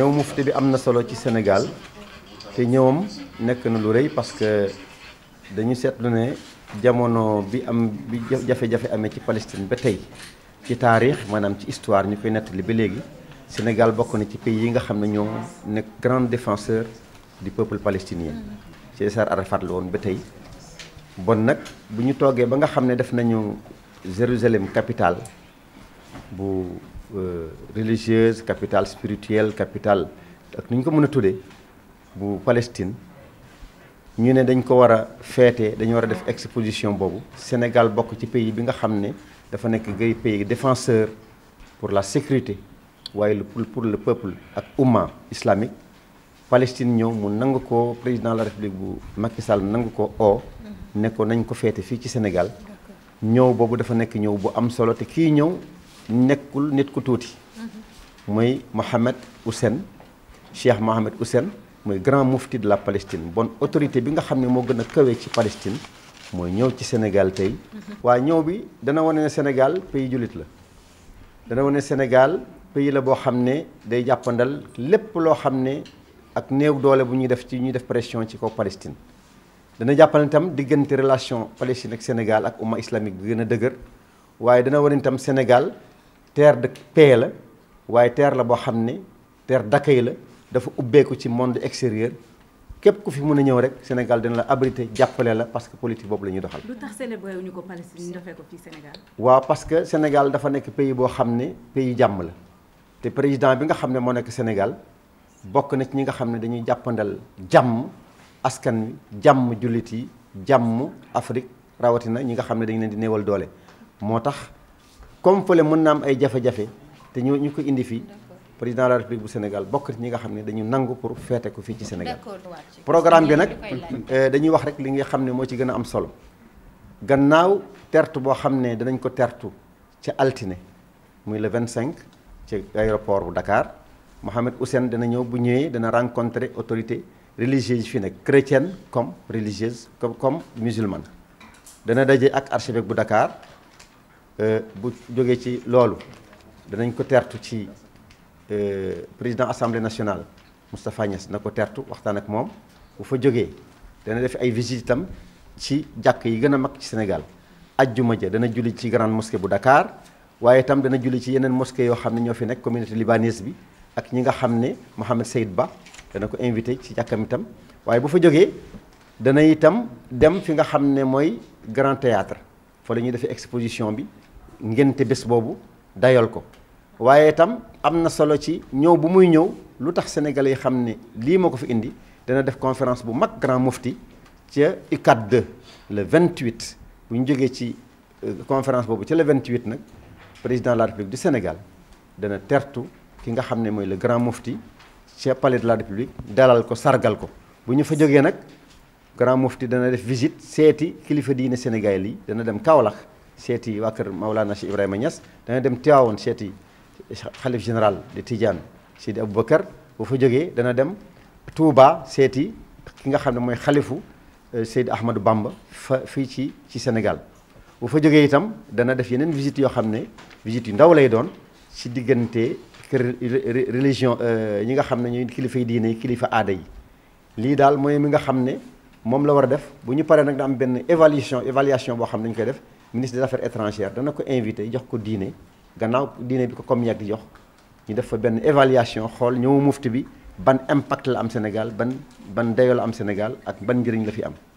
ñëw mufti bi am na solo ci Sénégal te ñëwam nekk na lu rëy parce que dañu seetlu ne jamono bi am bi jafe-jafe amee ci Palestine ba tey ci taarix maanaam ci histoire ñu koy nettali ba léegi Sénégal bokk na ci pays yi nga xam ne ñoo nekk grand défenseur di peuple palestinien César Arafat la woon ba tey bon nag bu ñu toogee ba nga xam ne def nañu Jérusalem capitale bu Euh, religieuse capitale spirituelle capitale ak ni ko mëna a bu Palestine ñu né dañ ko wara a dañ wara def exposition bobu Sénégal bokk ci pays bi nga xamné dafa nek gay pays défenseur pour la sécurité waaye pour le peuple ak umma islamique Palestine ñëw mu nang ko président de la république bu Macky Sall nang ko o né ko nañ ko feete fi ci Sénégal ñëw bobu dafa nek ñëw bu am solo te ki ñëw Nekul nit ku tuuti moy Mohamed Hussein Cheikh Mohamed Hussein moy grand mufti de la Palestine bon autorité bi nga xamné mo moo gën ci Palestine moy ñew ci Sénégal tay wa ñew bi dana woné Sénégal pays jullit la dana woné Sénégal pays la bo xamné day jappandal lepp lo xamné ak néew doole bu ñuy def ci ñuy def pression ci ko Palestine dana jàppal itam diggante relation Palestine ak Sénégal ak umma islamique bi gëna a dëgër waaye dana wane tam Sénégal terre de paix la waaye teer la boo xam ne terre d'accueil la dafa ubbeeku ci monde extérieur képp ku fi mun a ñëw rek Sénégal dina la abrité jàppale la parce que politique boobu la doxal. lu tax célébré wuñu ko Palestine ñu defee ko fii waaw parce que Sénégal dafa nekk pays boo xam ne pays jàmm la te président bi nga xam ne moo nekk Sénégal bokk na ci ñi nga xam ne dañuy jàppandal jàmm askan wi jàmm jullit yi jàmm Afrique rawatina ñi nga xam ne dañu leen di néewal doole moo tax. comme fële mën na am ay jafe-jafe te ñu ñu ko indi fii président de la république bu Sénégal bokk ñi nga xam ne dañu nangu pour feete ko fii ci Sénégal programme bi nag euh, dañuy wax rek li nga xam ne moo ci gën a am solo gannaaw tertu boo xam ne danañ ko tertu ci altine muy le 25 ci aéroport bu Dakar Mohamed Ousseyn dana ñëw bu ñëwee dana rencontrer autorité religieuse fi nag chrétienne comme religieuse comme comme musulmane dana daje ak archevêque bu Dakar Euh, bu jógee ci loolu danañ ko tertu ci euh, président assemblée nationale Moustapha Niass na ko tertu waxtaan ak moom bu fa jógee dana def ay visite itam ci jàkk yi gën a mag ci Sénégal ajjuma ja dana julli ci grande mosquée bu Dakar waaye itam dana julli ci yeneen mosquée yoo xam ne ñoo fi nekk communauté libanaise bi ak ñi nga xam ne Mohamed Saïd Ba dana ko invité ci jàkkam itam waaye bu fa jógee dana itam dem fi nga xam ne mooy grand théâtre fa la ñuy defee exposition bi ngénte bés boobu dayal ko waaye itam am na solo ci ñëw bu muy ñëw lu tax sénégalais yi xam ne lii moo ko fi indi dana def conférence bu mag grand mufti ca UCAD 2 le 28 bu ñu jógee ci euh, conférence boobu ca le 28 nag président la république du Sénégal dana tertu ki nga xam ne mooy le grand mufti ca palais de la république dalal ko sargal ko bu ñu fa jógee nag grand mufti dana def visite seeti kilifa diine Sénégal yi dana dem Kaolack. Seti wakir Maulana Cheikh Ibrahim Nyas, dan dem Tiwaawoon Seti Khalif General di Tidiane Seydi Aboubacar bu fa jógee dana dem Touba seti ki nga xamne moy khalifu eh, Seydi Bamba fa ci ci senegal bu fa joge itam dana def yenen visite yo xamne visite yu ndaw lay don ci digeunte religion eh, ñi nga xamne ñuy ñooy kilifa diine yi kilifa aada yi li dal moy mi nga xamne mom la wara def bu ñu da am ben évaluation évaluation bo xamne ñu koy def ministre des affaires étrangères dana ko invité jox ko diine gannaaw dîné. bi ko comme yàgg jox ñu a fait une évaluation Nous ñëw mufti bi ban impact la am Sénégal ban ban dayoo la am Sénégal ak ban njëriñ la fi am.